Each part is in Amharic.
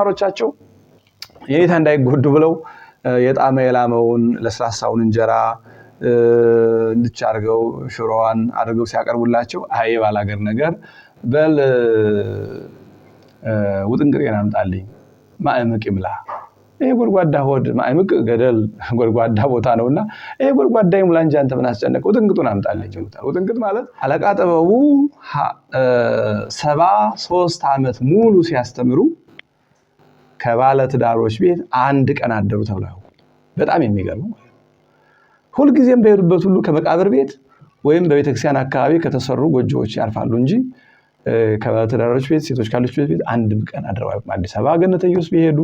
ማሮቻቸው የኔታ እንዳይጎዱ ብለው የጣመ የላመውን ለስላሳውን እንጀራ እንድቻ አድርገው ሽሮዋን አድርገው ሲያቀርቡላቸው አይ ባላገር ነገር በል ውጥንቅጤን አምጣልኝ ማእምቅ ይምላ። ይሄ ጎድጓዳ ሆድ ማእምቅ ገደል ጎድጓዳ ቦታ ነው እና ይሄ ጎድጓዳ ይሙላ እንጂ አንተ ምን አስጨነቀ? ውጥንቅጡን አምጣልኝ ይሉታል። ውጥንቅጥ ማለት አለቃ ጥበቡ ሰባ ሶስት ዓመት ሙሉ ሲያስተምሩ ከባለ ትዳሮች ቤት አንድ ቀን አደሩ ተብለው በጣም የሚገርሙ ሁልጊዜም በሄዱበት ሁሉ ከመቃብር ቤት ወይም በቤተክርስቲያን አካባቢ ከተሰሩ ጎጆዎች ያርፋሉ እንጂ ከባለትዳሮች ቤት ሴቶች ካሉችበት ቤት አንድም ቀን አድረው አዲስ አበባ ገነተ ኢየሱስ ቢሄዱ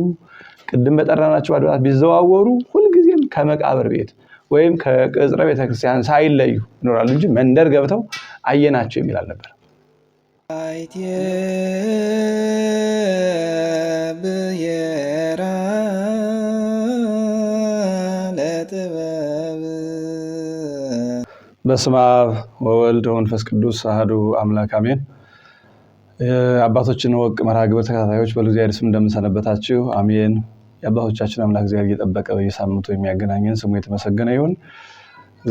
ቅድም በጠራናቸው አድባራት ቢዘዋወሩ ሁልጊዜም ከመቃብር ቤት ወይም ከቅጽረ ቤተክርስቲያን ሳይለዩ ይኖራሉ እንጂ መንደር ገብተው አየናቸው የሚል አልነበር። በስመ አብ ወወልድ ወመንፈስ ቅዱስ አሐዱ አምላክ አሜን። የአባቶችን ወቅ መርሃ ግብር ተከታታዮች በእግዚአብሔር ስም እንደምንሰነበታችሁ አሜን። የአባቶቻችን አምላክ እግዚአብሔር እየጠበቀ በየሳምንቱ የሚያገናኘን ስሙ የተመሰገነ ይሁን።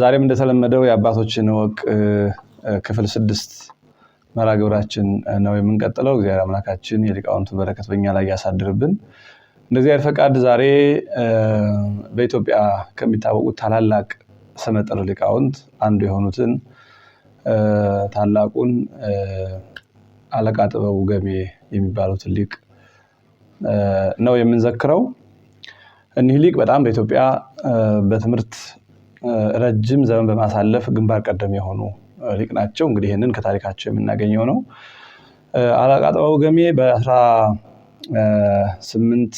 ዛሬም እንደተለመደው የአባቶችን ወቅ ክፍል ስድስት መርሃ ግብራችን ነው የምንቀጥለው። እግዚአብሔር አምላካችን የሊቃውንቱን በረከት በኛ ላይ ያሳድርብን። እንደ እግዚአብሔር ፈቃድ ዛሬ በኢትዮጵያ ከሚታወቁት ታላላቅ ስመጥር ሊቃውንት አንዱ የሆኑትን ታላቁን አለቃ ጥበቡ ገሜ የሚባሉትን ሊቅ ነው የምንዘክረው። እኒህ ሊቅ በጣም በኢትዮጵያ በትምህርት ረጅም ዘመን በማሳለፍ ግንባር ቀደም የሆኑ ሊቅ ናቸው። እንግዲህ ይህንን ከታሪካቸው የምናገኘው ነው። አለቃ ጥበቡ ገሜ በአስራ ስምንት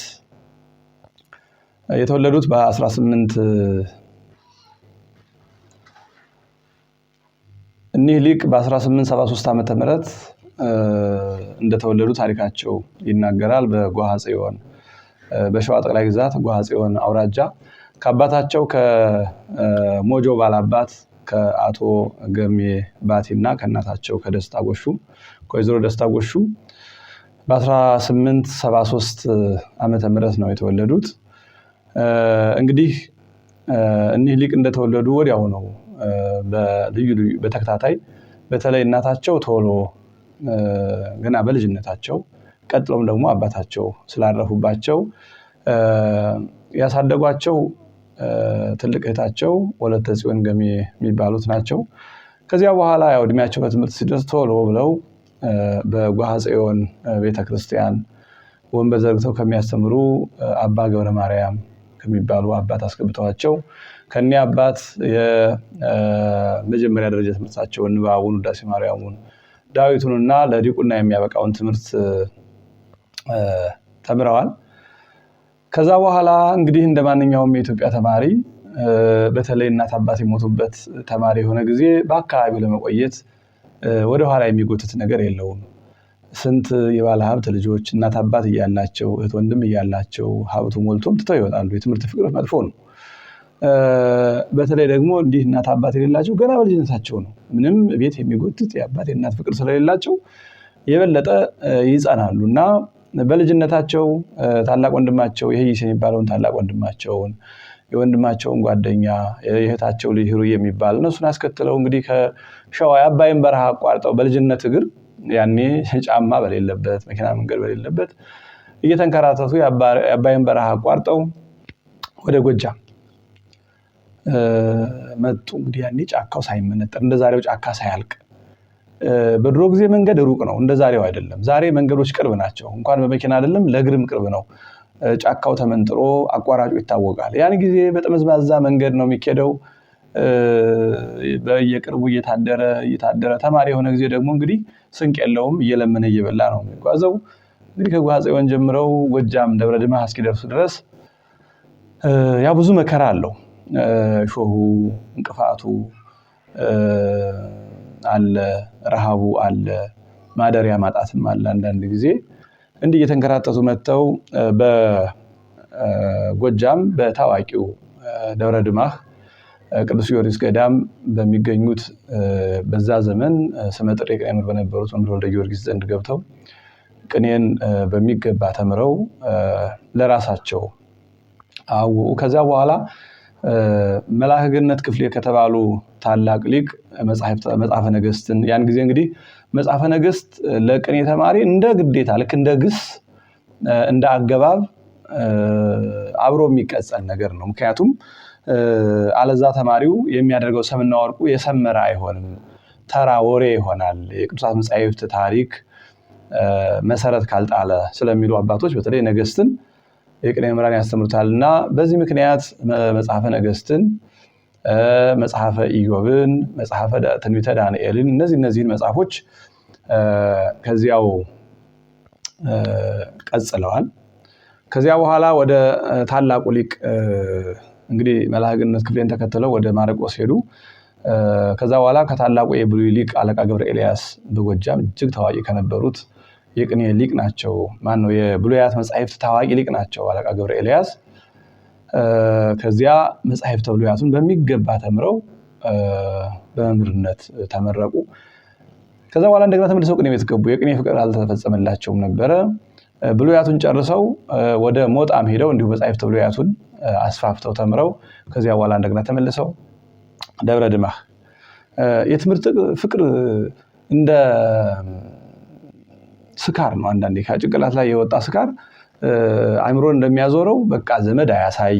የተወለዱት በአስራ ስምንት እኒህ ሊቅ በ1873 ዓ ም እንደተወለዱ ታሪካቸው ይናገራል። በጓሃ ጽዮን በሸዋ ጠቅላይ ግዛት ጓሃ ጽዮን አውራጃ ከአባታቸው ከሞጆ ባላባት ከአቶ ገሜ ባቲና ከእናታቸው ከደስታ ጎሹ ከወይዘሮ ደስታ ጎሹ በ1873 ዓመተ ምህረት ነው የተወለዱት። እንግዲህ እኒህ ሊቅ እንደተወለዱ ወዲያው ነው በልዩ ልዩ በተከታታይ በተለይ እናታቸው ቶሎ ገና በልጅነታቸው ቀጥሎም ደግሞ አባታቸው ስላረፉባቸው ያሳደጓቸው ትልቅ እህታቸው ወለተ ጽዮን ገሜ የሚባሉት ናቸው። ከዚያ በኋላ ያው እድሜያቸው በትምህርት ሲደርስ ቶሎ ብለው በጓሃ ጽዮን ቤተክርስቲያን ወንበር ዘርግተው ከሚያስተምሩ አባ ገብረ ማርያም ከሚባሉ አባት አስገብተዋቸው ከኔ አባት የመጀመሪያ ደረጃ ትምህርታቸውን ንባቡን፣ ውዳሴ ማርያሙን፣ ዳዊቱንና ለዲቁና የሚያበቃውን ትምህርት ተምረዋል። ከዛ በኋላ እንግዲህ እንደ ማንኛውም የኢትዮጵያ ተማሪ በተለይ እናት አባት የሞቱበት ተማሪ የሆነ ጊዜ በአካባቢው ለመቆየት ወደኋላ የሚጎትት ነገር የለውም። ስንት የባለ ሀብት ልጆች እናት አባት እያላቸው እህት ወንድም እያላቸው ሀብቱ ሞልቶም ትተው ይወጣሉ። የትምህርት ፍቅር መጥፎ ነው። በተለይ ደግሞ እንዲህ እናት አባት የሌላቸው ገና በልጅነታቸው ነው። ምንም ቤት የሚጎትት የአባት የእናት ፍቅር ስለሌላቸው የበለጠ ይጸናሉ እና በልጅነታቸው ታላቅ ወንድማቸው የህይስ የሚባለውን ታላቅ ወንድማቸውን የወንድማቸውን ጓደኛ የእህታቸው ልጅ ሩይ የሚባል እነሱን አስከትለው እንግዲህ ከሸዋ የአባይን በረሃ አቋርጠው በልጅነት እግር ያኔ ጫማ በሌለበት መኪና መንገድ በሌለበት እየተንከራተቱ የአባይን በረሃ አቋርጠው ወደ ጎጃም መጡ። እንግዲህ ያኔ ጫካው ሳይመነጠር እንደ ዛሬው ጫካ ሳያልቅ በድሮ ጊዜ መንገድ ሩቅ ነው፣ እንደ ዛሬው አይደለም። ዛሬ መንገዶች ቅርብ ናቸው። እንኳን በመኪና አይደለም ለእግርም ቅርብ ነው። ጫካው ተመንጥሮ አቋራጩ ይታወቃል። ያን ጊዜ በጠመዝማዛ መንገድ ነው የሚኬደው። በየቅርቡ እየታደረ እየታደረ ተማሪ የሆነ ጊዜ ደግሞ እንግዲህ ስንቅ የለውም እየለመነ እየበላ ነው የሚጓዘው። እንግዲህ ከጓፄዮን ጀምረው ጎጃም ደብረ ድማህ እስኪደርሱ ድረስ ያ ብዙ መከራ አለው። ሾሁ፣ እንቅፋቱ አለ፣ ረሃቡ አለ፣ ማደሪያ ማጣትም አለ። አንዳንድ ጊዜ እንዲህ እየተንከራተቱ መጥተው በጎጃም በታዋቂው ደብረ ድማህ ቅዱስ ጊዮርጊስ ገዳም በሚገኙት በዛ ዘመን ስመጥር ቀይምር በነበሩት መምህር ወልደ ጊዮርጊስ ዘንድ ገብተው ቅኔን በሚገባ ተምረው ለራሳቸው አወቁ። ከዚያ በኋላ መላከ ገነት ክፍሌ ከተባሉ ታላቅ ሊቅ መጽሐፈ ነገስትን ያን ጊዜ እንግዲህ መጽሐፈ ነገስት ለቅኔ ተማሪ እንደ ግዴታ ልክ እንደ ግስ እንደ አገባብ አብሮ የሚቀጸል ነገር ነው። ምክንያቱም አለዛ ተማሪው የሚያደርገው ሰምና ወርቁ የሰመረ አይሆንም፣ ተራ ወሬ ይሆናል። የቅዱሳት መጻሕፍት ታሪክ መሰረት ካልጣለ ስለሚሉ አባቶች በተለይ ነገስትን የቅኔ መምህራን ያስተምሩታል እና በዚህ ምክንያት መጽሐፈ ነገስትን፣ መጽሐፈ ኢዮብን፣ መጽሐፈ ትንቢተ ዳንኤልን እነዚህ እነዚህን መጽሐፎች ከዚያው ቀጽለዋል። ከዚያ በኋላ ወደ ታላቁ ሊቅ እንግዲህ መላህግነት ክፍሌን ተከትለው ወደ ማረቆስ ሄዱ። ከዛ በኋላ ከታላቁ የብሉይ ሊቅ አለቃ ገብረ ኤልያስ በጎጃም እጅግ ታዋቂ ከነበሩት የቅኔ ሊቅ ናቸው። ማን ነው የብሉያት መጽሐፍት ታዋቂ ሊቅ ናቸው አለቃ ገብረ ኤልያስ። ከዚያ መጽሐፍ ብሉያቱን በሚገባ ተምረው በመምህርነት ተመረቁ። ከዛ በኋላ እንደገና ተመልሰው ቅኔ ቤት ገቡ። የቅኔ ፍቅር አልተፈጸመላቸውም ነበረ። ብሉያቱን ጨርሰው ወደ ሞጣም ሄደው እንዲሁ መጻሕፍተ ብሉያቱን አስፋፍተው ተምረው ከዚያ በኋላ እንደገና ተመልሰው ደብረ ድማህ የትምህርት ፍቅር እንደ ስካር ነው። አንዳንዴ ከጭንቅላት ላይ የወጣ ስካር አይምሮን እንደሚያዞረው በቃ ዘመድ አያሳይ፣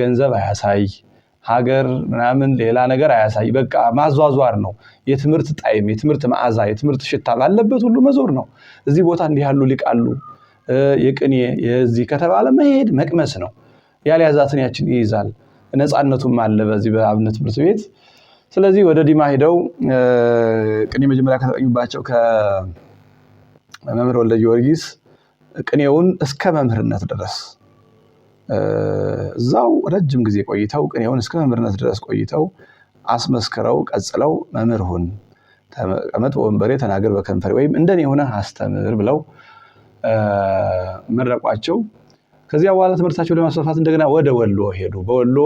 ገንዘብ አያሳይ፣ ሀገር ምናምን ሌላ ነገር አያሳይ። በቃ ማዟዟር ነው። የትምህርት ጣዕም፣ የትምህርት መዓዛ፣ የትምህርት ሽታ ባለበት ሁሉ መዞር ነው። እዚህ ቦታ እንዲህ ያሉ ሊቃሉ የቅኔ የዚህ ከተባለ መሄድ መቅመስ ነው። ያልያዛትን ያችን ይይዛል። ነፃነቱም አለ በዚህ በአብነት ትምህርት ቤት። ስለዚህ ወደ ዲማ ሄደው ቅኔ መጀመሪያ ከተጠኙባቸው መምህር ወልደ ጊዮርጊስ ቅኔውን እስከ መምህርነት ድረስ እዛው ረጅም ጊዜ ቆይተው ቅኔውን እስከ መምህርነት ድረስ ቆይተው አስመስክረው ቀጽለው መምህር ሁን ተቀመጥ በወንበሬ ተናገር በከንፈሬ ወይም እንደኔ የሆነ አስተምር ብለው መረቋቸው። ከዚያ በኋላ ትምህርታቸው ለማስፋፋት እንደገና ወደ ወሎ ሄዱ። በወሎ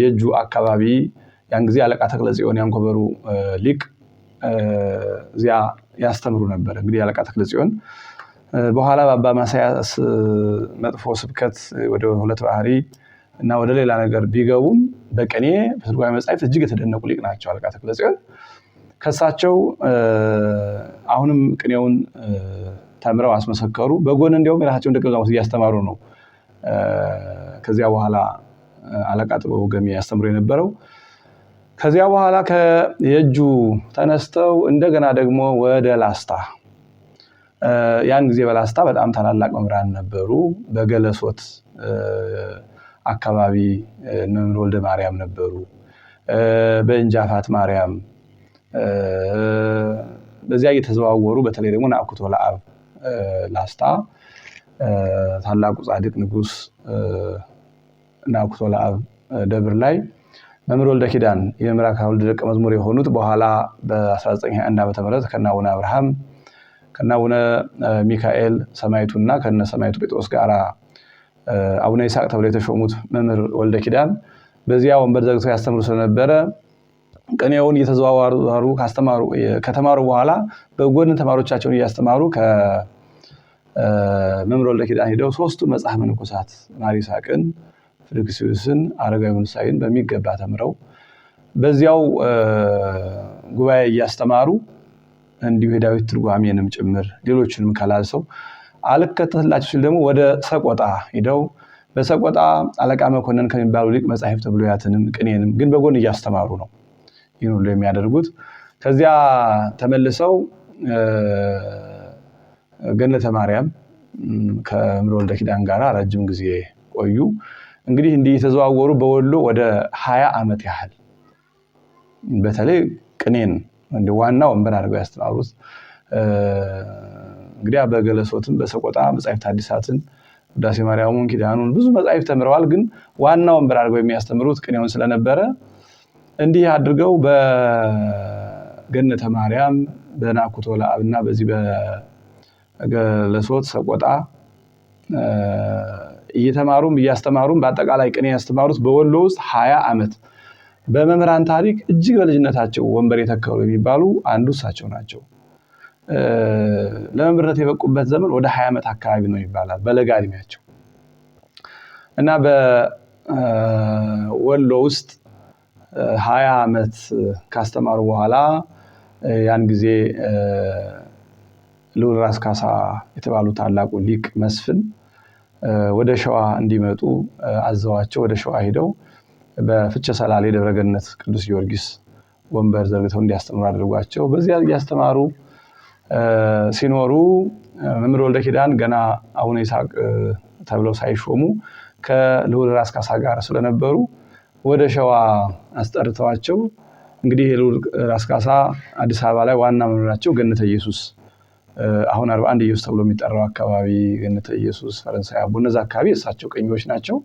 የእጁ አካባቢ ያን ጊዜ አለቃ ተክለጽዮን ያንኮበሩ ሊቅ እዚያ ያስተምሩ ነበር። እንግዲህ አለቃ ተክለ ጽዮን በኋላ በአባ ማሳያስ መጥፎ ስብከት ወደ ሁለት ባህሪ እና ወደ ሌላ ነገር ቢገቡም በቅኔ በትርጓሜ መጽሐፍ እጅግ የተደነቁ ሊቅ ናቸው አለቃ ተክለ ጽዮን። ከሳቸው አሁንም ቅኔውን ተምረው አስመሰከሩ። በጎን እንዲያውም የራሳቸውን ደቀ መዛሙርት እያስተማሩ ነው። ከዚያ በኋላ አለቃ ጥበቡ ገሜ ያስተምሩ የነበረው ከዚያ በኋላ ከየእጁ ተነስተው እንደገና ደግሞ ወደ ላስታ ያን ጊዜ በላስታ በጣም ታላላቅ መምህራን ነበሩ። በገለሶት አካባቢ መምህር ወልደ ማርያም ነበሩ። በእንጃፋት ማርያም በዚያ እየተዘዋወሩ በተለይ ደግሞ ናኩቶ ለአብ ላስታ ታላቁ ጻድቅ ንጉስ ናኩቶ ለአብ ደብር ላይ መምህር ወልደ ኪዳን የምዕራብ ወልድ ደቀ መዝሙር የሆኑት በኋላ በ1921 ዓ ም ከናቡነ አብርሃም ከናቡነ ሚካኤል ሰማይቱና ከነ ሰማይቱ ጴጥሮስ ጋር አቡነ ይስሐቅ ተብለው የተሾሙት መምህር ወልደ ኪዳን በዚያ ወንበር ዘግተው ያስተምሩ ስለነበረ ቅኔውን እየተዘዋዋሩ ከተማሩ በኋላ በጎን ተማሪዎቻቸውን እያስተማሩ ከመምህር ወልደ ኪዳን ሄደው ሶስቱ መጽሐፍ መነኮሳት ማር ይስሐቅን ፍልክስዩስን አረጋዊ መነሳይን በሚገባ ተምረው በዚያው ጉባኤ እያስተማሩ እንዲሁ የዳዊት ትርጓሜንም ጭምር ሌሎችንም ከላልሰው አልከተላቸው ሲል ደግሞ ወደ ሰቆጣ ሂደው በሰቆጣ አለቃ መኮንን ከሚባሉ ሊቅ መጽሐፍ ተብሎያትንም ቅኔንም ግን በጎን እያስተማሩ ነው ይህን ሁሉ የሚያደርጉት። ከዚያ ተመልሰው ገነተ ማርያም ከምሮ ወልደ ኪዳን ጋር ረጅም ጊዜ ቆዩ። እንግዲህ እንዲህ የተዘዋወሩ በወሎ ወደ ሀያ ዓመት ያህል በተለይ ቅኔን ዋና ወንበር አድርገው ያስተማሩት እንግዲህ በገለሶትን በሰቆጣ መጽሐፍት አዲሳትን ውዳሴ ማርያሙን ኪዳኑን ብዙ መጽሐፍ ተምረዋል። ግን ዋና ወንበር አድርገው የሚያስተምሩት ቅኔውን ስለነበረ እንዲህ አድርገው በገነተ ማርያም በናኩቶ እና በዚህ በገለሶት ሰቆጣ እየተማሩም እያስተማሩም በአጠቃላይ ቅኔ ያስተማሩት በወሎ ውስጥ ሀያ ዓመት በመምህራን ታሪክ እጅግ በልጅነታቸው ወንበር የተከሉ የሚባሉ አንዱ እሳቸው ናቸው። ለመምህርነት የበቁበት ዘመን ወደ ሀያ ዓመት አካባቢ ነው ይባላል በለጋ እድሜያቸው እና በወሎ ውስጥ ሀያ ዓመት ካስተማሩ በኋላ ያን ጊዜ ልዑል ራስ ካሳ የተባሉ ታላቁ ሊቅ መስፍን ወደ ሸዋ እንዲመጡ አዘዋቸው ወደ ሸዋ ሄደው በፍቼ ሰላሌ ደብረገነት ቅዱስ ጊዮርጊስ ወንበር ዘርግተው እንዲያስተምሩ አድርጓቸው በዚያ እያስተማሩ ሲኖሩ መምህር ወልደ ኪዳን ገና አቡነ ይስሐቅ ተብለው ሳይሾሙ ከልዑል ራስ ካሳ ጋር ስለነበሩ ወደ ሸዋ አስጠርተዋቸው እንግዲህ የልዑል ራስ ካሳ አዲስ አበባ ላይ ዋና መምህራቸው ገነተ ኢየሱስ አሁን አርባ አንድ ኢየሱስ ተብሎ የሚጠራው አካባቢ ገነተ ኢየሱስ፣ ፈረንሳይ አቦ፣ እነዚ አካባቢ እሳቸው ቀኞች ናቸው።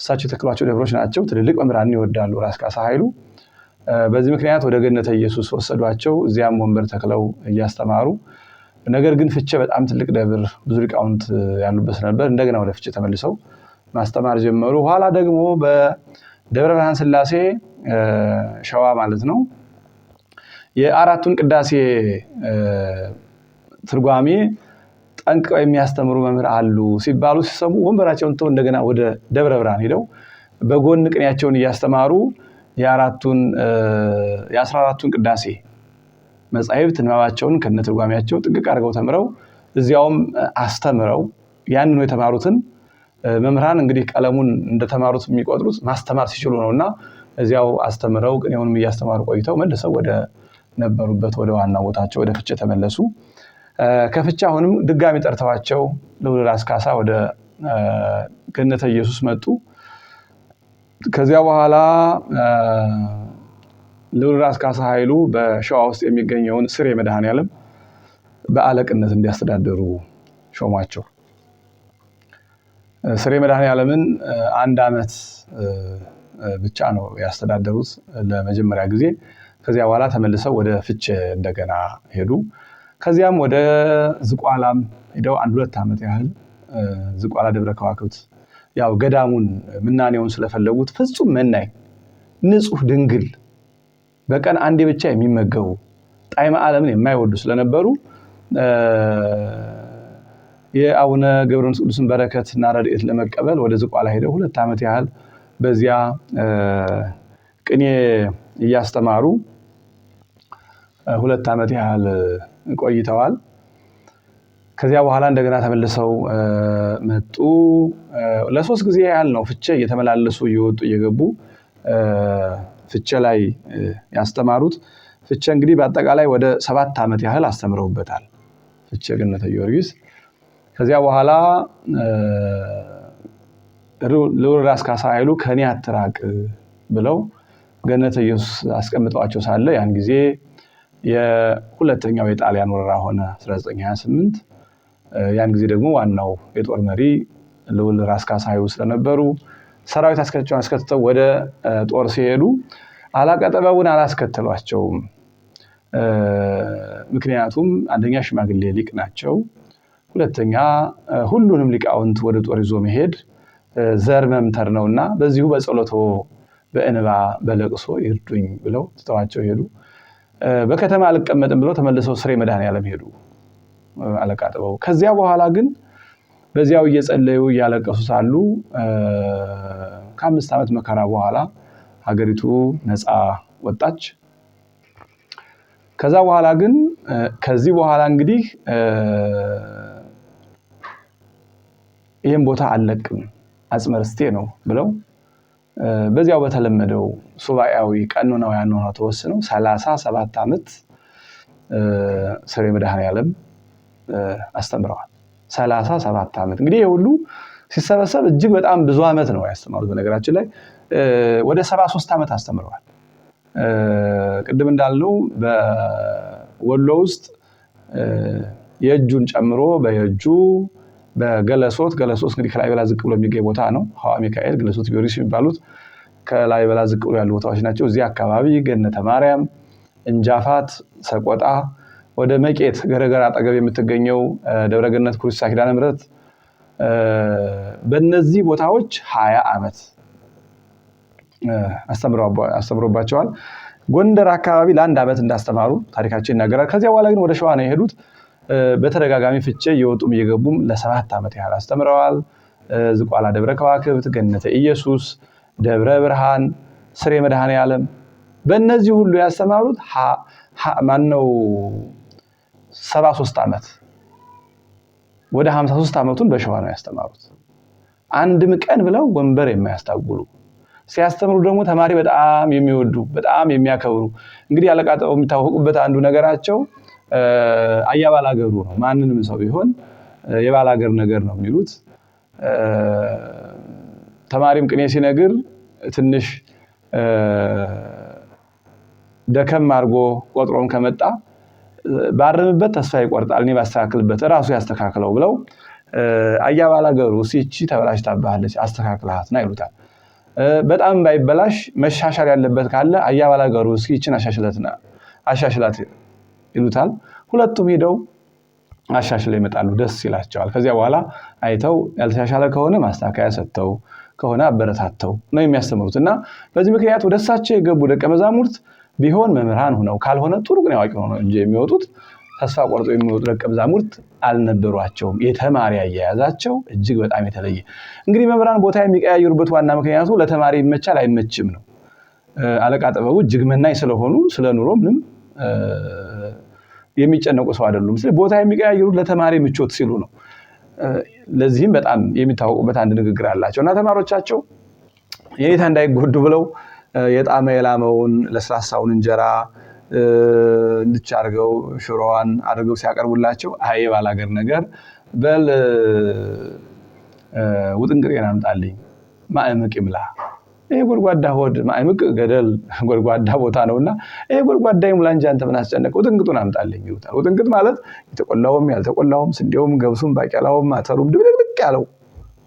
እሳቸው የተክሏቸው ደብሮች ናቸው። ትልልቅ መምህራንን ይወዳሉ። ራስ ካሳ ኃይሉ በዚህ ምክንያት ወደ ገነተ ኢየሱስ ወሰዷቸው። እዚያም ወንበር ተክለው እያስተማሩ ነገር ግን ፍቼ በጣም ትልቅ ደብር ብዙ ሊቃውንት ያሉበት ስለነበር እንደገና ወደ ፍቼ ተመልሰው ማስተማር ጀመሩ። ኋላ ደግሞ በደብረ ብርሃን ስላሴ ሸዋ ማለት ነው የአራቱን ቅዳሴ ትርጓሜ ጠንቅቀው የሚያስተምሩ መምህር አሉ ሲባሉ ሲሰሙ ወንበራቸውን ተው እንደገና ወደ ደብረ ብርሃን ሄደው በጎን ቅኔያቸውን እያስተማሩ የአራቱን የአስራ አራቱን ቅዳሴ መጻሕፍት ንባባቸውን ከነ ትርጓሜያቸው ጥንቅቅ አድርገው ተምረው እዚያውም አስተምረው ያንኑ የተማሩትን መምህራን እንግዲህ ቀለሙን እንደተማሩት የሚቆጥሩት ማስተማር ሲችሉ ነው እና እዚያው አስተምረው ቅኔውንም እያስተማሩ ቆይተው መልሰው ወደ ነበሩበት ወደ ዋና ቦታቸው ወደ ፍቼ ተመለሱ። ከፍቻ አሁንም ድጋሚ ጠርተዋቸው ልዑል አስካሳ ወደ ገነተ ኢየሱስ መጡ። ከዚያ በኋላ ልዑል አስካሳ ኃይሉ በሸዋ ውስጥ የሚገኘውን ስሬ መድኃኔዓለም በአለቅነት እንዲያስተዳደሩ ሾሟቸው። ስሬ መድኃኔዓለምን አንድ ዓመት ብቻ ነው ያስተዳደሩት ለመጀመሪያ ጊዜ። ከዚያ በኋላ ተመልሰው ወደ ፍቼ እንደገና ሄዱ። ከዚያም ወደ ዝቋላም ሄደው አንድ ሁለት ዓመት ያህል ዝቋላ ደብረ ከዋክብት ያው ገዳሙን ምናኔውን ስለፈለጉት ፍጹም መናይ ንጹህ ድንግል በቀን አንዴ ብቻ የሚመገቡ ጣዕመ ዓለምን የማይወዱ ስለነበሩ የአቡነ ገብረ መንፈስ ቅዱስን በረከት እና ረድኤት ለመቀበል ወደ ዝቋላ ሄደው ሁለት ዓመት ያህል በዚያ ቅኔ እያስተማሩ ሁለት ዓመት ያህል ቆይተዋል። ከዚያ በኋላ እንደገና ተመልሰው መጡ። ለሶስት ጊዜ ያህል ነው ፍቼ እየተመላለሱ እየወጡ እየገቡ ፍቼ ላይ ያስተማሩት። ፍቼ እንግዲህ በአጠቃላይ ወደ ሰባት ዓመት ያህል አስተምረውበታል። ፍቼ ገነተ ጊዮርጊስ ከዚያ በኋላ ልዑል ራስ ካሳ ኃይሉ ከኔ አትራቅ ብለው ገነተ ኢየሱስ አስቀምጠዋቸው ሳለ ያን ጊዜ የሁለተኛው የጣሊያን ወረራ ሆነ 1928። ያን ጊዜ ደግሞ ዋናው የጦር መሪ ልዑል ራስ ካሳ ስለነበሩ ሰራዊት አስከትቸውን አስከትተው ወደ ጦር ሲሄዱ አላቀጠበቡን አላስከተሏቸውም። ምክንያቱም አንደኛ ሽማግሌ ሊቅ ናቸው፣ ሁለተኛ ሁሉንም ሊቃውንት ወደ ጦር ይዞ መሄድ ዘር መምተር ነውና በዚሁ በጸሎቶ በእንባ በለቅሶ ይርዱኝ ብለው ትተዋቸው ሄዱ። በከተማ አልቀመጥም ብለው ተመልሰው ስሬ መድኃኔዓለም ሄዱ አለቃ ጥበቡ። ከዚያ በኋላ ግን በዚያው እየጸለዩ እያለቀሱ ሳሉ ከአምስት ዓመት መከራ በኋላ ሀገሪቱ ነፃ ወጣች። ከዛ በኋላ ግን ከዚህ በኋላ እንግዲህ ይህም ቦታ አልለቅም አጽመርስቴ ነው ብለው በዚያው በተለመደው ሱባኤያዊ ቀኖናዊ አኗኗር ተወስነው ሰላሳ ሰባት ዓመት ስሬ መድኃኔዓለም አስተምረዋል። ሰላሳ ሰባት ዓመት እንግዲህ የሁሉ ሲሰበሰብ እጅግ በጣም ብዙ ዓመት ነው ያስተማሩት። በነገራችን ላይ ወደ ሰባ ሶስት ዓመት አስተምረዋል። ቅድም እንዳልነው በወሎ ውስጥ የእጁን ጨምሮ በየእጁ በገለሶት ገለሶት እንግዲህ ከላይበላ ዝቅ ብሎ የሚገኝ ቦታ ነው። ሀዋ ሚካኤል፣ ገለሶት ጊዮርጊስ የሚባሉት ከላይበላ ዝቅ ብሎ ያሉ ቦታዎች ናቸው። እዚህ አካባቢ ገነተ ማርያም፣ እንጃፋት፣ ሰቆጣ ወደ መቄት ገረገር አጠገብ የምትገኘው ደብረገነት ኩርሳ ኪዳነ ምሕረት በእነዚህ ቦታዎች ሀያ ዓመት አስተምሮባቸዋል። ጎንደር አካባቢ ለአንድ ዓመት እንዳስተማሩ ታሪካቸው ይናገራል። ከዚያ በኋላ ግን ወደ ሸዋ ነው የሄዱት። በተደጋጋሚ ፍቼ እየወጡም እየገቡም ለሰባት ዓመት ያህል አስተምረዋል። ዝቋላ ደብረ ከዋክብት፣ ገነተ ኢየሱስ፣ ደብረ ብርሃን፣ ስሬ መድኃኔ ዓለም በእነዚህ ሁሉ ያስተማሩት ማነው ሰባ ሶስት ዓመት ወደ ሀምሳ ሶስት ዓመቱን በሸዋ ነው ያስተማሩት። አንድም ቀን ብለው ወንበር የማያስታጉሉ ሲያስተምሩ ደግሞ ተማሪ በጣም የሚወዱ በጣም የሚያከብሩ እንግዲህ አለቃጠው የሚታወቁበት አንዱ ነገራቸው አያ ባላገሩ ነው። ማንንም ሰው ቢሆን የባላገር ነገር ነው የሚሉት። ተማሪም ቅኔ ሲነግር ትንሽ ደከም አድርጎ ቆጥሮም ከመጣ ባርምበት ተስፋ ይቆርጣል። እኔ ባስተካክልበት እራሱ ያስተካክለው ብለው አያ ባላገሩ ሲቺ ተበላሽታብሃለች አስተካክልሃትና ይሉታል። በጣም ባይበላሽ መሻሻል ያለበት ካለ አያ ባላገሩ እስኪ አሻሽላት ይሉታል። ሁለቱም ሄደው አሻሽለው ይመጣሉ። ደስ ይላቸዋል። ከዚያ በኋላ አይተው ያልተሻሻለ ከሆነ ማስተካከያ ሰጥተው ከሆነ አበረታተው ነው የሚያስተምሩት እና በዚህ ምክንያት ወደ እሳቸው የገቡ ደቀ መዛሙርት ቢሆን መምህራን ሆነው ካልሆነ ጥሩቅን ያዋቂ ሆነው እንጂ የሚወጡት ተስፋ ቆርጦ የሚወጡ ደቀ መዛሙርት አልነበሯቸውም። የተማሪ አያያዛቸው እጅግ በጣም የተለየ። እንግዲህ መምህራን ቦታ የሚቀያየሩበት ዋና ምክንያቱ ለተማሪ ይመቻል አይመችም ነው። አለቃ ጥበቡ እጅግ መናኝ ስለሆኑ ስለ ኑሮ ምንም የሚጨነቁ ሰው አይደሉም። ስለዚህ ቦታ የሚቀያየሩ ለተማሪ ምቾት ሲሉ ነው። ለዚህም በጣም የሚታወቁበት አንድ ንግግር አላቸው እና ተማሪዎቻቸው የኔታ እንዳይጎዱ ብለው የጣመ የላመውን ለስላሳውን እንጀራ እንድች አድርገው ሽሮዋን አድርገው ሲያቀርቡላቸው አይ ባላገር ነገር በል ውጥንቅሬን አምጣልኝ ማእምቅ ይምላ ይሄ ጎድጓዳ ሆድ ማይምቅ ገደል ጎድጓዳ ቦታ ነውና ይሄ ጎድጓዳ ይሙላ እንጂ አንተ ምን አስጨነቀ? ውጥንቅጡን አምጣልኝ ይሉታል። ውጥንቅጥ ማለት የተቆላውም ያልተቆላውም ስንዴውም ገብሱም ባቄላውም አተሩም ድብልቅልቅ ያለው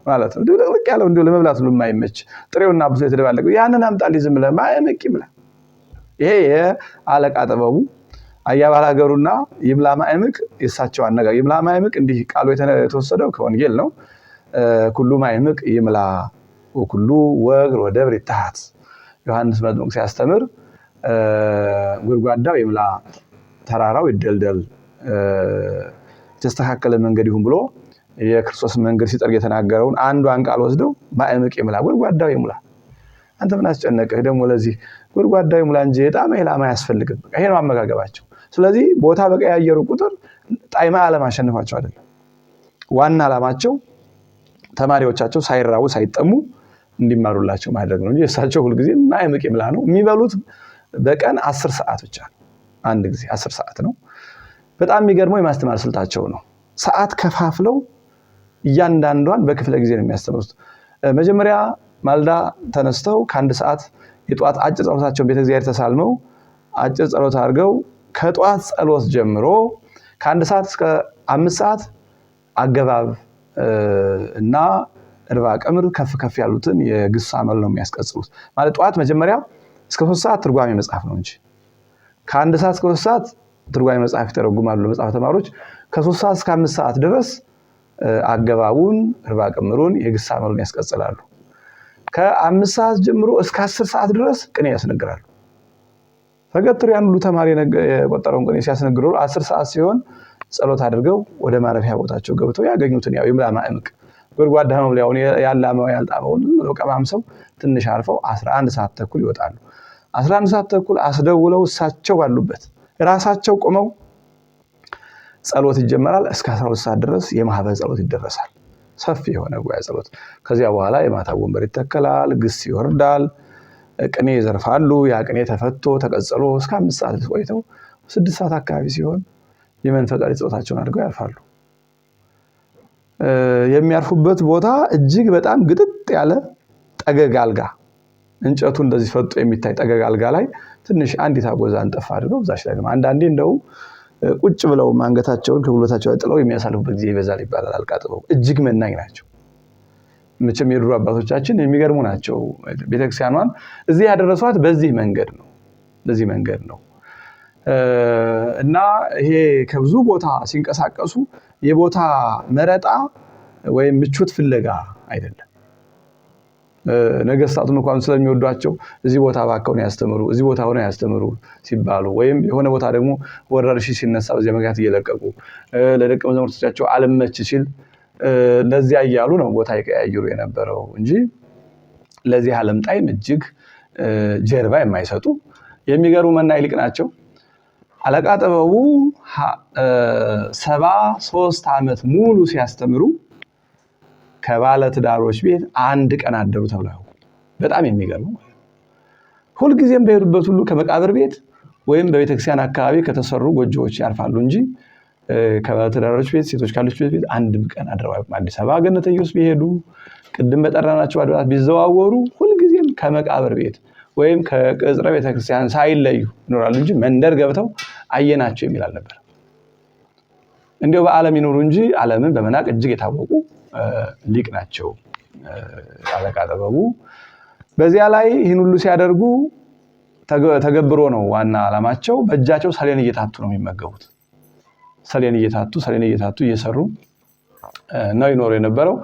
ማለት ነው። ድብልቅልቅ ያለው እንዲሁ ለመብላት ሁሉ የማይመች ጥሬውና ብዙ የተደባለቀው ያንን አምጣልኝ ዝም ብለህ ማይምቅ ይብላ። ይሄ የአለቃ ጥበቡ አያባል ሀገሩና ይምላ ማይምቅ የሳቸው አነጋገር ይምላ ማይምቅ እንዲህ ቃሉ የተወሰደው ከወንጌል ነው። ሁሉ ማይምቅ ይምላ ወኩሉ ወእግር ወደብር ይታሃት ዮሐንስ መጥምቅ ሲያስተምር ጎድጓዳው ይምላ፣ ተራራው ይደልደል፣ የተስተካከለ መንገድ ይሁን ብሎ የክርስቶስ መንገድ ሲጠርግ የተናገረውን አንዷን ቃል ወስደው ማእምቅ ይምላ፣ ጎድጓዳው ይሙላ። አንተ ምን አስጨነቀህ ደግሞ? ለዚህ ጎድጓዳው ይሙላ እንጂ የጣመ ኢላማ አያስፈልግም። ይሄ ነው አመጋገባቸው። ስለዚህ ቦታ በቀያየሩ ቁጥር ጣይማ ዓለም አሸንፏቸው አይደለም። ዋና ዓላማቸው ተማሪዎቻቸው ሳይራቡ ሳይጠሙ እንዲማሩላቸው ማድረግ ነው እንጂ እሳቸው ሁልጊዜ ማይምቅ ይብላ ነው የሚበሉት። በቀን አስር ሰዓት ብቻ አንድ ጊዜ አስር ሰዓት ነው። በጣም የሚገርመው የማስተማር ስልታቸው ነው። ሰዓት ከፋፍለው እያንዳንዷን በክፍለ ጊዜ ነው የሚያስተምሩት። መጀመሪያ ማልዳ ተነስተው ከአንድ ሰዓት የጠዋት አጭር ጸሎታቸውን ቤተ እግዚአብሔር ተሳልመው አጭር ጸሎት አድርገው ከጠዋት ጸሎት ጀምሮ ከአንድ ሰዓት እስከ አምስት ሰዓት አገባብ እና እርባ ቀምር ከፍ ከፍ ያሉትን የግሱ አመል ነው የሚያስቀጽሉት። ማለት ጠዋት መጀመሪያ እስከ ሶስት ሰዓት ትርጓሜ መጽሐፍ ነው እንጂ ከአንድ ሰዓት እስከ ሶስት ሰዓት ትርጓሜ መጽሐፍ ይተረጉማሉ ለመጽሐፍ ተማሪዎች። ከሶስት ሰዓት እስከ አምስት ሰዓት ድረስ አገባቡን እርባ ቅምሩን የግስ አመሉን ያስቀጽላሉ። ከአምስት ሰዓት ጀምሮ እስከ አስር ሰዓት ድረስ ቅኔ ያስነግራሉ። ተገትሮ ያን ሁሉ ተማሪ የቆጠረውን ቅኔ ሲያስነግሩ አስር ሰዓት ሲሆን ጸሎት አድርገው ወደ ማረፊያ ቦታቸው ገብተው ያገኙትን ያው ይምላ ማዕምቅ ጎድጓዳ ነው ብለው ያሁን ያላመው ያልጣመውን ብለው ቀማምሰው ትንሽ አርፈው 11 ሰዓት ተኩል ይወጣሉ። 11 ሰዓት ተኩል አስደውለው እሳቸው ባሉበት ራሳቸው ቆመው ጸሎት ይጀመራል። እስከ 12 ሰዓት ድረስ የማህበር ጸሎት ይደረሳል። ሰፊ የሆነ ጉባኤ ጸሎት። ከዚያ በኋላ የማታ ወንበር ይተከላል፣ ግስ ይወርዳል፣ ቅኔ ይዘርፋሉ። ያ ቅኔ ተፈቶ ተቀጽሎ እስከ አምስት ሰዓት ቆይተው ስድስት ሰዓት አካባቢ ሲሆን የመንፈቃድ ጸሎታቸውን አድርገው ያልፋሉ። የሚያርፉበት ቦታ እጅግ በጣም ግጥጥ ያለ ጠገግ አልጋ እንጨቱ እንደዚህ ፈጦ የሚታይ ጠገግ አልጋ ላይ ትንሽ አንዲት አጎዛ እንጠፋ አድርገው እዛች ላይ አንዳንዴ እንደውም ቁጭ ብለው አንገታቸውን ከጉልበታቸው ላይ ጥለው የሚያሳልፉበት ጊዜ ይበዛል ይባላል። አልጋ ጥለው እጅግ መናኝ ናቸው። መቼም የድሮ አባቶቻችን የሚገርሙ ናቸው። ቤተክርስቲያኗን እዚህ ያደረሷት በዚህ መንገድ ነው። በዚህ መንገድ ነው። እና ይሄ ከብዙ ቦታ ሲንቀሳቀሱ የቦታ መረጣ ወይም ምቾት ፍለጋ አይደለም። ነገስታቱን እንኳን ስለሚወዷቸው እዚህ ቦታ ባከውን ያስተምሩ እዚህ ቦታ ሆነ ያስተምሩ ሲባሉ ወይም የሆነ ቦታ ደግሞ ወረርሽ ሲነሳ በዚያ ምክንያት እየለቀቁ ለደቀ መዛሙርቶቻቸው አልመች ሲል ለዚያ እያሉ ነው ቦታ ይቀያይሩ የነበረው እንጂ ለዚህ አለምጣይም እጅግ ጀርባ የማይሰጡ የሚገርሙ መና ይልቅ ናቸው። አለቃ ጥበቡ ሰባ ሶስት ዓመት ሙሉ ሲያስተምሩ ከባለ ትዳሮች ቤት አንድ ቀን አደሩ ተብለው በጣም የሚገርሙ ሁልጊዜም በሄዱበት ሁሉ ከመቃብር ቤት ወይም በቤተክርስቲያን አካባቢ ከተሰሩ ጎጆዎች ያርፋሉ እንጂ ከባለትዳሮች ቤት ሴቶች ካለች ቤት አንድም ቀን አድረዋል። አዲስ አበባ ገነተ ኢየሱስ ቢሄዱ ቅድም በጠራናቸው አድባራት ቢዘዋወሩ ሁልጊዜም ከመቃብር ቤት ወይም ከቅጽረ ቤተክርስቲያን ሳይለዩ ይኖራሉ እንጂ መንደር ገብተው አየናቸው የሚል አልነበር። እንዲያው በዓለም ይኖሩ እንጂ ዓለምን በመናቅ እጅግ የታወቁ ሊቅ ናቸው አለቃ ጥበቡ። በዚያ ላይ ይህን ሁሉ ሲያደርጉ ተገብሮ ነው ዋና ዓላማቸው። በእጃቸው ሰሌን እየታቱ ነው የሚመገቡት። ሰሌን እየታቱ ሰሌን እየታቱ እየሰሩ ነው ይኖሩ የነበረው።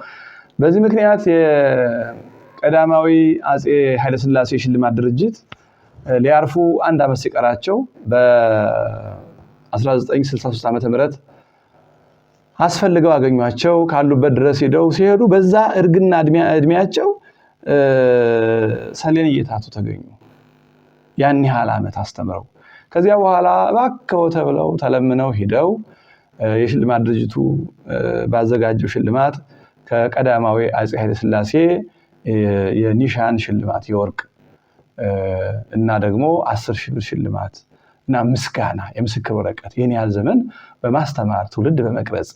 በዚህ ምክንያት የቀዳማዊ አፄ ኃይለስላሴ ሽልማት ድርጅት ሊያርፉ አንድ ዓመት ሲቀራቸው በ1963 ዓ ም አስፈልገው አገኟቸው። ካሉበት ድረስ ሄደው ሲሄዱ በዛ እርግና እድሜያቸው ሰሌን እየታቱ ተገኙ። ያን ያህል ዓመት አስተምረው ከዚያ በኋላ እባክዎ ተብለው ተለምነው ሂደው የሽልማት ድርጅቱ ባዘጋጀው ሽልማት ከቀዳማዊ አፄ ኃይለስላሴ የኒሻን ሽልማት የወርቅ እና ደግሞ አስር ሺህ ብር ሽልማት እና ምስጋና የምስክር ወረቀት ይህን ያህል ዘመን በማስተማር ትውልድ በመቅረጽ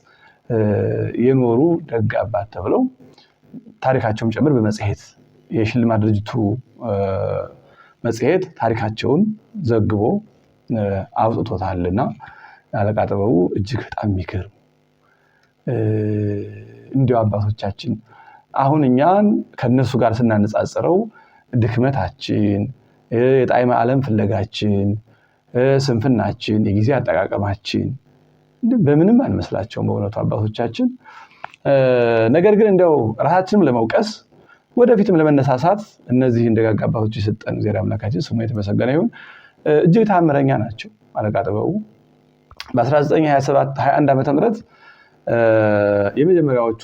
የኖሩ ደግ አባት ተብለው ታሪካቸውን ጭምር በመጽሔት የሽልማት ድርጅቱ መጽሔት ታሪካቸውን ዘግቦ አውጥቶታል እና አለቃ ጥበቡ እጅግ በጣም የሚክር እንዲሁ አባቶቻችን አሁን እኛን ከእነሱ ጋር ስናነጻጽረው ድክመታችን፣ የጣዕመ ዓለም ፍለጋችን፣ ስንፍናችን፣ የጊዜ አጠቃቀማችን በምንም አንመስላቸውም በእውነቱ አባቶቻችን። ነገር ግን እንደው ራሳችንም ለመውቀስ ወደፊትም ለመነሳሳት እነዚህ ደጋግ አባቶች የሰጠን እግዚአብሔር አምላካችን ስሙ የተመሰገነ ይሁን። እጅግ ታምረኛ ናቸው አለቃ ጥበቡ በ1921 ዓ ም የመጀመሪያዎቹ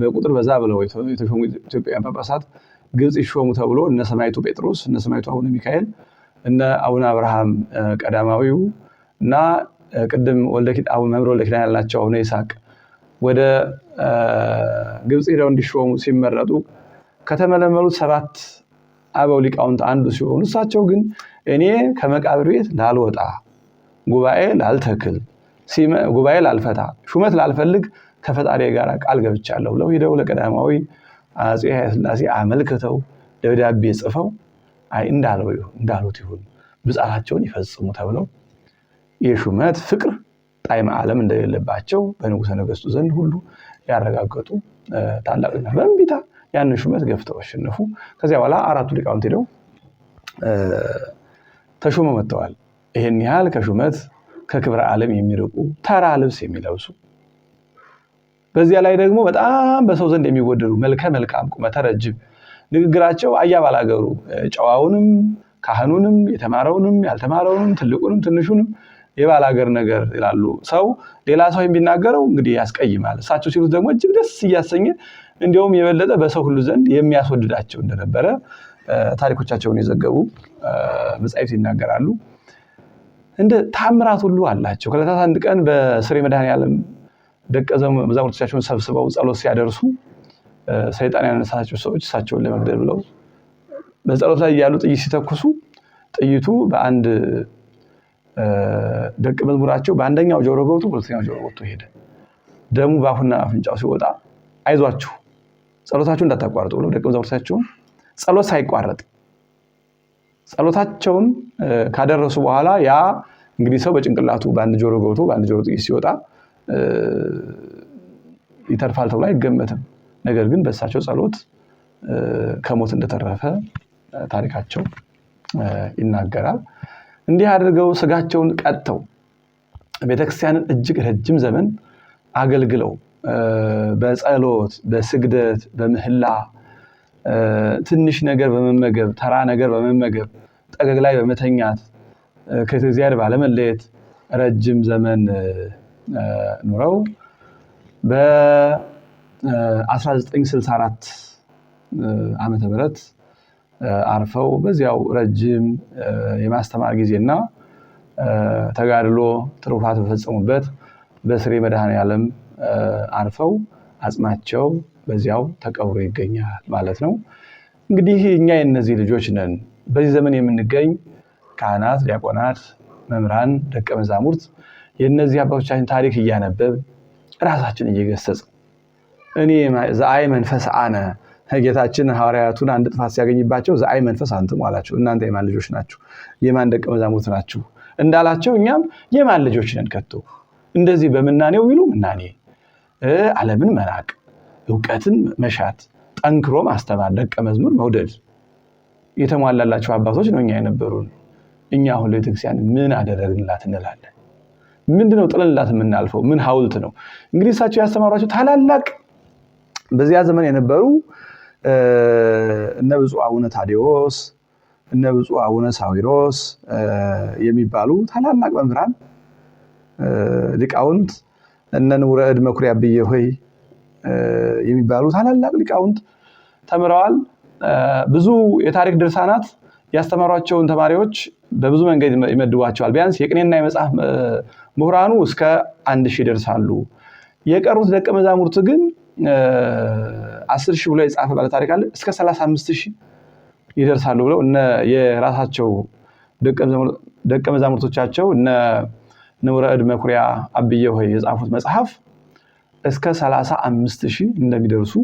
በቁጥር በዛ ብለው የተሾሙ ኢትዮጵያውያን ጳጳሳት ግብፅ ይሾሙ ተብሎ እነ ሰማይቱ ጴጥሮስ፣ እነ ሰማይቱ አቡነ ሚካኤል፣ እነ አቡነ አብርሃም ቀዳማዊው እና ቅድም መምህር ወልደ ኪዳን ያልናቸው አቡነ ይስሐቅ ወደ ግብፅ ሄደው እንዲሾሙ ሲመረጡ ከተመለመሉት ሰባት አበው ሊቃውንት አንዱ ሲሆኑ እሳቸው ግን እኔ ከመቃብር ቤት ላልወጣ ጉባኤ ላልተክል ጉባኤ ላልፈታ ሹመት ላልፈልግ ከፈጣሪ ጋር ቃል ገብቻለሁ ብለው ሂደው ለቀዳማዊ አጼ ኃይለሥላሴ አመልክተው ደብዳቤ ጽፈው አይ እንዳለው እንዳሉት ይሁን ብጻታቸውን ይፈጽሙ ተብለው የሹመት ፍቅር ጣዕመ ዓለም እንደሌለባቸው በንጉሠ ነገሥቱ ዘንድ ሁሉ ያረጋገጡ ታላቅ በእንቢታ ያንን ሹመት ገፍተው አሸነፉ። ከዚያ በኋላ አራቱ ሊቃውንት ሄደው ተሾመው መጥተዋል። ይህን ያህል ከሹመት ከክብረ ዓለም የሚርቁ ተራ ልብስ የሚለብሱ በዚያ ላይ ደግሞ በጣም በሰው ዘንድ የሚወደዱ መልከ መልካም ቁመተ ረጅም ንግግራቸው አያባል አገሩ ጨዋውንም ካህኑንም የተማረውንም ያልተማረውንም ትልቁንም ትንሹንም የባላገር ነገር ይላሉ። ሰው ሌላ ሰው የሚናገረው እንግዲህ ያስቀይማል። እሳቸው ሲሉት ደግሞ እጅግ ደስ እያሰኘ እንዲሁም የበለጠ በሰው ሁሉ ዘንድ የሚያስወድዳቸው እንደነበረ ታሪኮቻቸውን የዘገቡ መጻሕፍት ይናገራሉ። እንደ ታምራት ሁሉ አላቸው። ከዕለታት አንድ ቀን በስሬ መድኃኔዓለም ደቀ መዛሙርቶቻቸውን ሰብስበው ጸሎት ሲያደርሱ ሰይጣን ያነሳቸው ሰዎች እሳቸውን ለመግደል ብለው በጸሎት ላይ እያሉ ጥይት ሲተኩሱ ጥይቱ በአንድ ደቀ መዝሙራቸው በአንደኛው ጆሮ ገብቶ በሁለተኛው ጆሮ ገብቶ ሄደ። ደሙ በአፉና አፍንጫው ሲወጣ አይዟችሁ ጸሎታችሁን እንዳታቋርጡ ብለው ደቀ መዛሙርቶቻቸውን ጸሎት ሳይቋረጥ ጸሎታቸውን ካደረሱ በኋላ ያ እንግዲህ ሰው በጭንቅላቱ በአንድ ጆሮ ገብቶ በአንድ ጆሮ ጥይት ሲወጣ ይተርፋል ተብሎ አይገመትም። ነገር ግን በእሳቸው ጸሎት ከሞት እንደተረፈ ታሪካቸው ይናገራል። እንዲህ አድርገው ስጋቸውን ቀጥተው ቤተክርስቲያንን እጅግ ረጅም ዘመን አገልግለው በጸሎት፣ በስግደት፣ በምህላ ትንሽ ነገር በመመገብ ተራ ነገር በመመገብ ጠገግ ላይ በመተኛት ከእግዚአብሔር ባለመለየት ረጅም ዘመን ኑረው በ1964 ዓመተ ምህረት አርፈው በዚያው ረጅም የማስተማር ጊዜና ተጋድሎ ትሩፋት በፈጸሙበት በስሬ መድኃኔ ዓለም አርፈው አጽማቸው በዚያው ተቀብሮ ይገኛል ማለት ነው። እንግዲህ እኛ የእነዚህ ልጆች ነን። በዚህ ዘመን የምንገኝ ካህናት፣ ዲያቆናት፣ መምህራን፣ ደቀ መዛሙርት የእነዚህ አባቶቻችን ታሪክ እያነበብን ራሳችን እየገሰጽ እኔ ዘአይ መንፈስ አነ ጌታችን ሐዋርያቱን አንድ ጥፋት ሲያገኝባቸው ዘአይ መንፈስ አንትሙ አላቸው። እናንተ የማን ልጆች ናችሁ? የማን ደቀ መዛሙርት ናችሁ? እንዳላቸው እኛም የማን ልጆች ነን? ከቶ እንደዚህ በምናኔው ቢሉ ምናኔ ዓለምን መናቅ፣ እውቀትን መሻት፣ ጠንክሮ ማስተማር፣ ደቀ መዝሙር መውደድ የተሟላላቸው አባቶች ነው እኛ የነበሩን። እኛ አሁን ለቤተክርስቲያን ምን አደረግንላት እንላለን። ምንድነው ጥለንላት የምናልፈው? ምን ሀውልት ነው? እንግዲህ እሳቸው ያስተማሯቸው ታላላቅ በዚያ ዘመን የነበሩ እነ ብፁ አቡነ ታዴዎስ እነ ብፁ አቡነ ሳዊሮስ የሚባሉ ታላላቅ መምህራን ሊቃውንት እነ ንውረ እድ መኩሪያ ብዬ ሆይ የሚባሉ ታላላቅ ሊቃውንት ተምረዋል። ብዙ የታሪክ ድርሳናት ያስተማሯቸውን ተማሪዎች በብዙ መንገድ ይመድቧቸዋል። ቢያንስ የቅኔና የመጽሐፍ ምሁራኑ እስከ አንድ ሺህ ይደርሳሉ። የቀሩት ደቀ መዛሙርት ግን አስር ሺህ ብሎ የጻፈ ባለታሪክ አለ እስከ ሰላሳ አምስት ሺህ ይደርሳሉ ብለው እነ የራሳቸው ደቀ መዛሙርቶቻቸው እነ ንቡረ እድ መኩሪያ አብየሆይ የጻፉት መጽሐፍ እስከ ሰላሳ አምስት ሺህ እንደሚደርሱ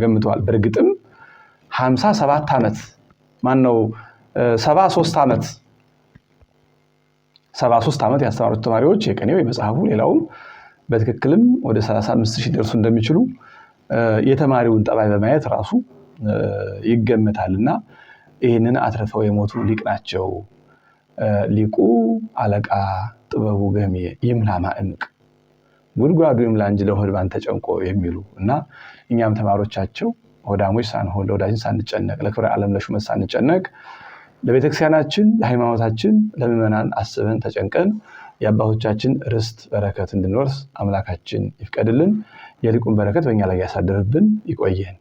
ገምተዋል። በእርግጥም ሀምሳ ሰባት ዓመት ማን ነው 73 ዓመት 73 ዓመት ያስተማሩት ተማሪዎች የቀኔው የመጽሐፉ ሌላውም በትክክልም ወደ 35 ሺህ ደርሱ እንደሚችሉ የተማሪውን ጠባይ በማየት ራሱ ይገምታል እና ይህንን አትርፈው የሞቱ ሊቅ ናቸው። ሊቁ አለቃ ጥበቡ ገሜ ይምላማ ማዕምቅ ጉድጓዱ ይምላ እንጂ ለሆድ ባን ተጨንቆ የሚሉ እና እኛም ተማሪዎቻቸው ሆዳሞች ሳንሆን ለወዳጅን ሳንጨነቅ ለክብረ ዓለም ለሹመት ሳንጨነቅ ለቤተክርስቲያናችን፣ ለሃይማኖታችን፣ ለምዕመናን አስበን ተጨንቀን የአባቶቻችን ርስት በረከት እንድንወርስ አምላካችን ይፍቀድልን። የሊቁን በረከት በእኛ ላይ ያሳድርብን። ይቆየን።